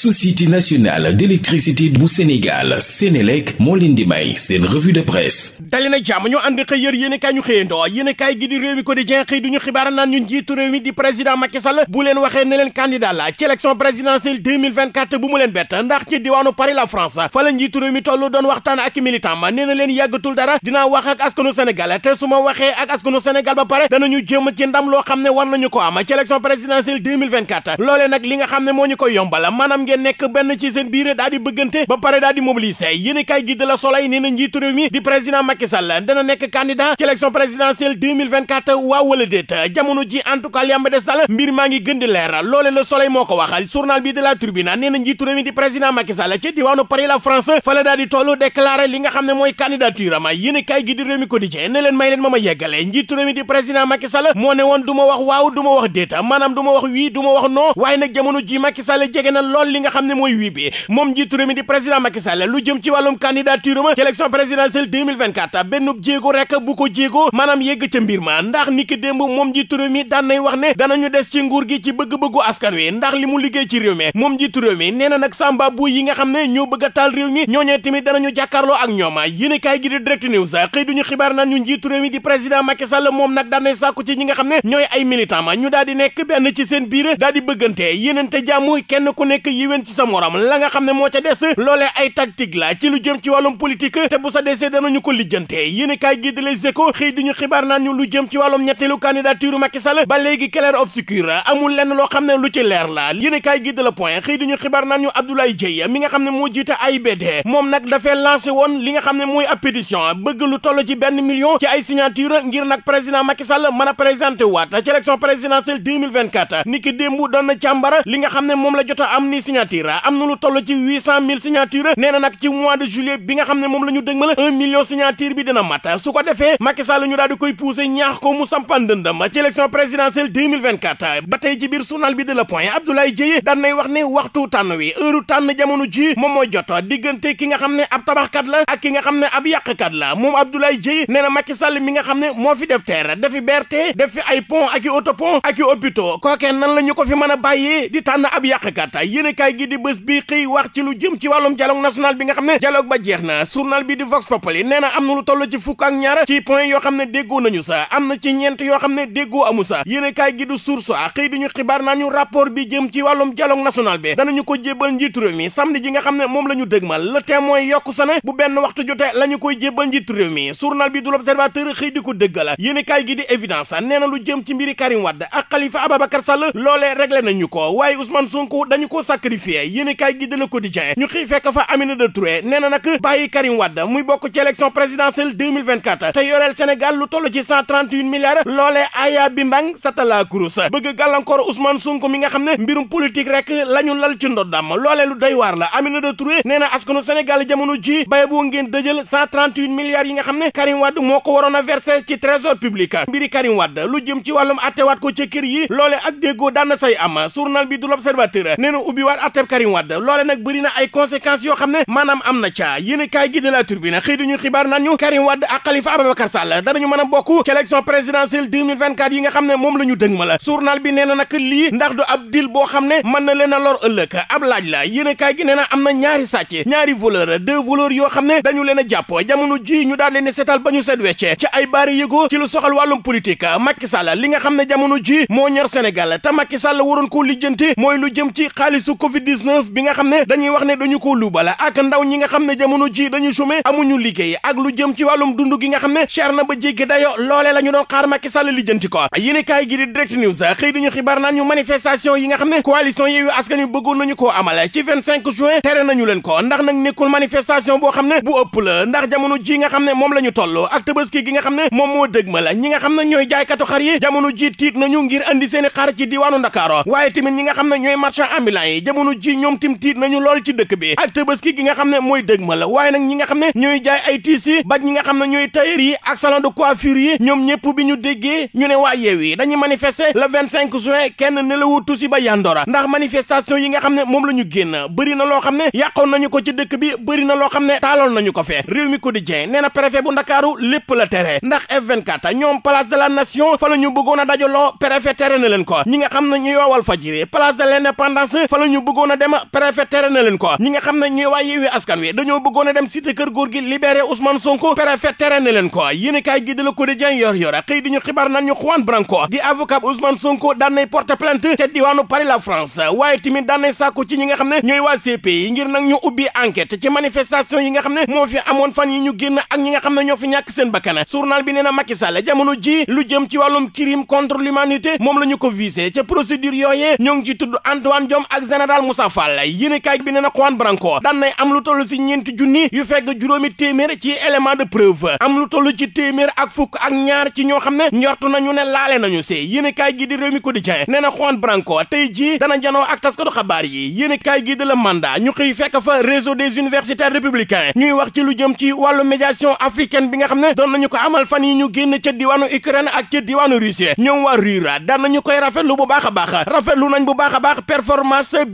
société nationale d'électricité bu Sénégal Sénélec moo leen di may seen revue de presse dali na ñu ànd xëy yër yéen i kaay ñu xëyandoo yéen i kaay gi réew mi ko di jen xëy ñu xibaara naan ñu njiitu réew mi di président Macky Sall bu leen waxee ne leen candidat la ci élection présidentielle bu mu leen bett ndax ci diwaanu Paris la France fa njiitu réew mi toll doon waxtaan ak militant ma nee na leen yàggatul dara dinaa wax ak askanu Sénégal te su ma waxee ak askanu Sénégal ba pare danañu jëm ci ndam loo xam ne war am ci élection ngeen nekk benn ci seen biir daal di bëggante ba pare daal di mobiliser yéen kay gi de la Soleil nee na njiitu réew mi di président Macky Sall dana nekk candidat ci élection présidentielle 2024 waaw wala déet jamono mbir maa gën di leer loole la Soleil moo ko wax journal bi la Tribune nee na njiitu di président Macky Sall ci diwaanu Paris la France fa la daal di li nga xam ne mooy candidature am yéen kay gi di réew mi ma di président Macky Sall maanaam du ma wax oui du ma wax non waaye nag jamono ji Macky Sall jege li nga xam ne mooy wii bi moom njiitu réew mi di président Macky Sall lu jëm ci wàllum candidature ma ci élection présidentielle benn jéego rek bu ko jéego maanaam yegg ca mbir ma ndax niki démb moom njiitu réew mi daan nay wax ne danañu des ci nguur gi ci bëgg-bëggu askan wi ndax li mu liggéey ci réew mi moom njiitu réew mi nee na nag samba bu yi nga xam ne ñoo bëgg a taal réew mi ñooñee tamit danañu jàkkaarloo ak ñooma yéen kaay gi di direct news xëy duñu xibaar ñu njiitu réew mi di président Macky Sall moom nag daan nay sàkku ci nga xam ne ñooy ay militant ñu daal di nekk benn ci seen biir daal di bëggante yéenante jàmm kenn déwén ci sa morom la nga xam ne moo ca des loolee ay tactique la ci lu jëm ci wàllum politique te bu sa desee ko lijjante yéen i kaay gi di Les Échos xëy ñu xibaar naan ñu lu jëm ci wàllum ñetteelu candidature Macky ba léegi clair obscur amul lenn loo xam ne lu ci leer la yéen i kaay gi de Le Point xëy ñu xibaar naan ñu Abdoulaye Dieye mi nga xam ne moo jiite AIBD moom nag dafee li nga xam ne mooy ab pétition bëgg lu toll ci benn million ci ay signature ngir nag président Macky Sall mën a waat ci élection li nga xam ne moom la jot a am ni signature signature am na lu toll ci huit cent mille signature nee na ci mois de juillet bi nga xam ne moom la ñu dëgmal un million bi dina mat su ko defee Macky Sall ñu koy poussé ñaax ko mu sampan dëndam ci élection présidentielle 2024 ba tey ci biir journal bi de Le Point Abdoulaye Dieye daan wax ne waxtu tànn wi heure tànn jamono ji moom moo jot diggante ki nga xam ne ab tabaxkat la ak ki nga xam ne ab yàqkat la i autopont ak la ñu ko fi mën a bàyyee di kaay gi di bés bi xëy wax ci lu jëm ci wàllum dialogue national bi nga xam ne dialogue ba jeex na surnal bi di Vox Populi nee na am na lu toll ci fukk ak ñaar ci point yoo xam ne déggoo nañu sa am na ci ñeent yoo xam ne déggoo amu sa yéene kaay gi di Source A xëy ñu xibaar naa ñu rapport bi jëm ci wàllum dialogue national bi ñu ko jébbal njiitu réew mi samedi ji nga xam ne moom la ñu dëgmal le témoin yokk sa ne bu benn waxtu jote la ñu koy jébbal njiitu réew mi journal bi du l'Observateur xëy di ko dëggal yéene kaay gi di évidence nee na lu jëm ci mbiri Karim Wade ak Khalifa Ababacar Sall loolee réglé nañu ko waaye Ousmane Sonko dañu ko sacrifié qualifié yéen kaay gi de Le Quotidien ñu xëy fekk fa Aminata Touré nee na nag bàyyi Karim Wade muy bokk ci élection présidentielle te yoreel Sénégal lu toll ci 138 milliards loolee Bimbang Satala Kurus bëgg gàllankoor Ousmane Sonko mi nga xam ne mbirum politique rek la lal ci ndoddam loolee lu doy la Aminata Touré nee na askanu Sénégal jamono ji bay boo ngeen dëjël 138 yi nga xam ne Karim Wade moo ko waroon a versé ci trésor public mbiri ate Karim Wade loole nag bëri na ay conséquences yoo xam ne maanaam am na ca yéen kaay gi de la na xëy duñu xibaar naan ñu Karim Wade ak Khalifa Ababacar Sall danañu mën a bokk ci élection présidentielle 2024 yi nga xam ne moom la ñu dëg ma la journal bi nee na nag lii ndax du ab dil boo xam ne mën na leen a lor ëllëg ab laaj la yéen kaay gi nee na am na ñaari sàcc ñaari voleur deux voleurs yoo xam ne dañu leen a jàpp jamono ji ñu daal leen di setal ba ñu set wecce ay baari yëgoo ci lu soxal wàllum politique Macky li nga xam ne jamono ji moo ñor Sénégal te Macky Sall waroon ko lijjanti mooy lu jëm ci xaalisu covid 19 bi nga xam ne dañuy wax ne dañu ko luubala ak ndaw ñi nga xam ne jamono ji dañu sume amuñu liggéey ak lu jëm ci wàllum dund gi nga xam ne cher na ba jéggi dayo loolee la ñu doon xaar Macky Sall li jënti ko yéene kaay gi di direct news xëy diñu xibaar naan ñu manifestation yi nga xam ne coalition Yewwi Askan Wi bëggoon nañu ko amale ci 25 juin tere nañu leen ko ndax nag nekkul manifestation boo xam ne bu ëpp la ndax jamono ji nga xam ne moom la ñu toll ak tabaski gi nga xam ne moom moo dëg ma la nga xam ne ñooy jaaykatu xar jamono ji tiit nañu ngir andi seen xar ci diwaanu Ndakaaru waaye tamit ñi nga xam ne ñooy marchand ambulant yi jamono ji ñoom tim tiit nañu lool ci dëkk bi ak tëbaski gi nga xam ma la yi ba ñi ne ñooy tailleur ndax manifestation yi nga xam ne moom la ñu génn bëri na loo xam ne yàqoon nañu ko ci dëkk bi bëri na loo xam ne taaloon nañu ko fee réew mi quotidien nee na préfet bu ndakaaru lépp la tere ndax F24 ñoom place de la nation fa la ñu bëggoon a dajaloo préfet tere na ko ñi nga xam ne ñu yoowal fajiri place de l'indépendance fa la bëggoon a dem préfet tere na ko ñi nga xam ne ñooy waa Yewwi Askan Wi dañoo bëggoon a dem cité góor gi libéré Ousmane Sonko préfet tere na leen ko yéenekaay gi de Le Quotidien yor yor xëy di ñu xibaar naan ñu Juan Branco di avocat Ousmane Sonko daan nay porter ca diwaanu Paris la France waaye tamit daan nay ci ñi nga xam ne ñooy waa CPI ngir nag ñu ubbi enquête ci manifestation yi nga xam ne moo fi amoon fan ñu génn ak ñi nga xam ne ñoo fi Général Moussa Fall yéenekaay bi nee na Juan Branco daan nay am lu toll ci ñeenti junni yu fekk juróomi téeméer ci élément de preuve am lu toll ci téeméer ak fukk ak ñaar ci ñoo xam ne njort nañu ne laale nañu ci yéenekaay gi di Rewmi Quotidien nee na Juan Branco tey jii dana janoo ak taskatu xabaar yi yéenekaay gi de la mandat ñu xëy fekk fa réseau des universitaires républicains ñuy wax ci lu jëm ci wàllu médiation africaine bi nga xam ne doon nañu ko amal fan yi ñu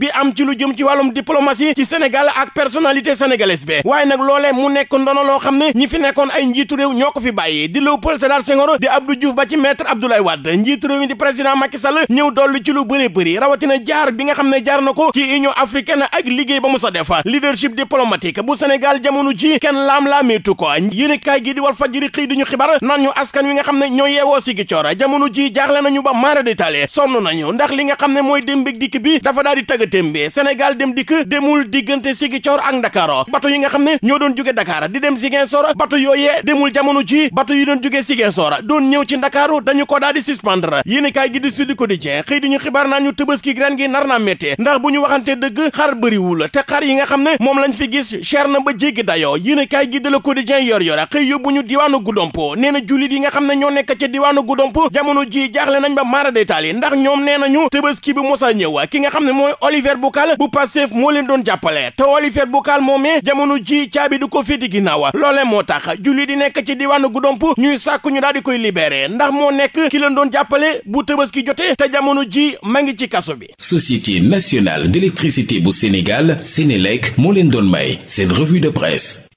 a a am ci lu jëm ci wàllum diplomatie ci Sénégal ak personnalité sénégalaise bi waaye nag loolee mu nekk ndono loo xam ne ñi fi nekkoon ay njiitu ñoo ko fi bàyyi di Léopold Sédar Senghor di Abdou Diouf ba ci maître Abdoulaye Wade njiitu réew mi di président Macky Sall ñëw dolli ci lu bëree bëri rawatina jaar bi nga xam ne jaar na ko ci Union africaine ak liggéey ba mu sa def leadership diplomatique bu Sénégal jamono ji kenn laam-laameetu ko yéen kaay gi di Walf Fadjri xëy duñu xibaar naan ñu askan wi nga xam ne ñoo yeewoo Ziguinchor jamono ji jaaxle nañu ba mara détaillé sonn nañu ndax li nga xam ne mooy démbék dikk bi dafa daal di tëggateem maritime senegal dem dikk demul diggante Ziguinchor ak Ndakaaru bato yi nga xam ne ñoo doon jóge Dakar di dem Ziguinchor bato yooyee demul jamono ji bato yi doon jóge Ziguinchor doon ñëw ci Ndakaaru dañu ko daal di suspendre yéen kaay gi di Sud xëy di ñu xibaar naan ñu Tabaski ren gi nar naa métti ndax bu ñu waxante dëgg xar bëriwul te xar yi nga xam ne moom lañ fi gis cher na ba jéggi dayoo yéen kaay gi de Le yi nga xam ne ñoo nekk ca diwaanu Goudompo jamono ji jaaxle nañ ba maara day taal yi ndax ñoom nee nañu ne mooy Oliver Haliphate Boucal bu Pastef moo leen doon jàppale te Haliphate Boucal moomee jamono ji caabi du ko féeti ginnaaw loolee moo tax julli di nekk ci diwaanu Goudomp ñuy sàkku ñu daal di koy libéré ndax moo nekk ki leen doon jàppale bu ki jotee te jamono ji ma ngi ci kaso bi. Société nationale d'électricité bu Sénégal Sénélec moo leen doon may seen revue de presse.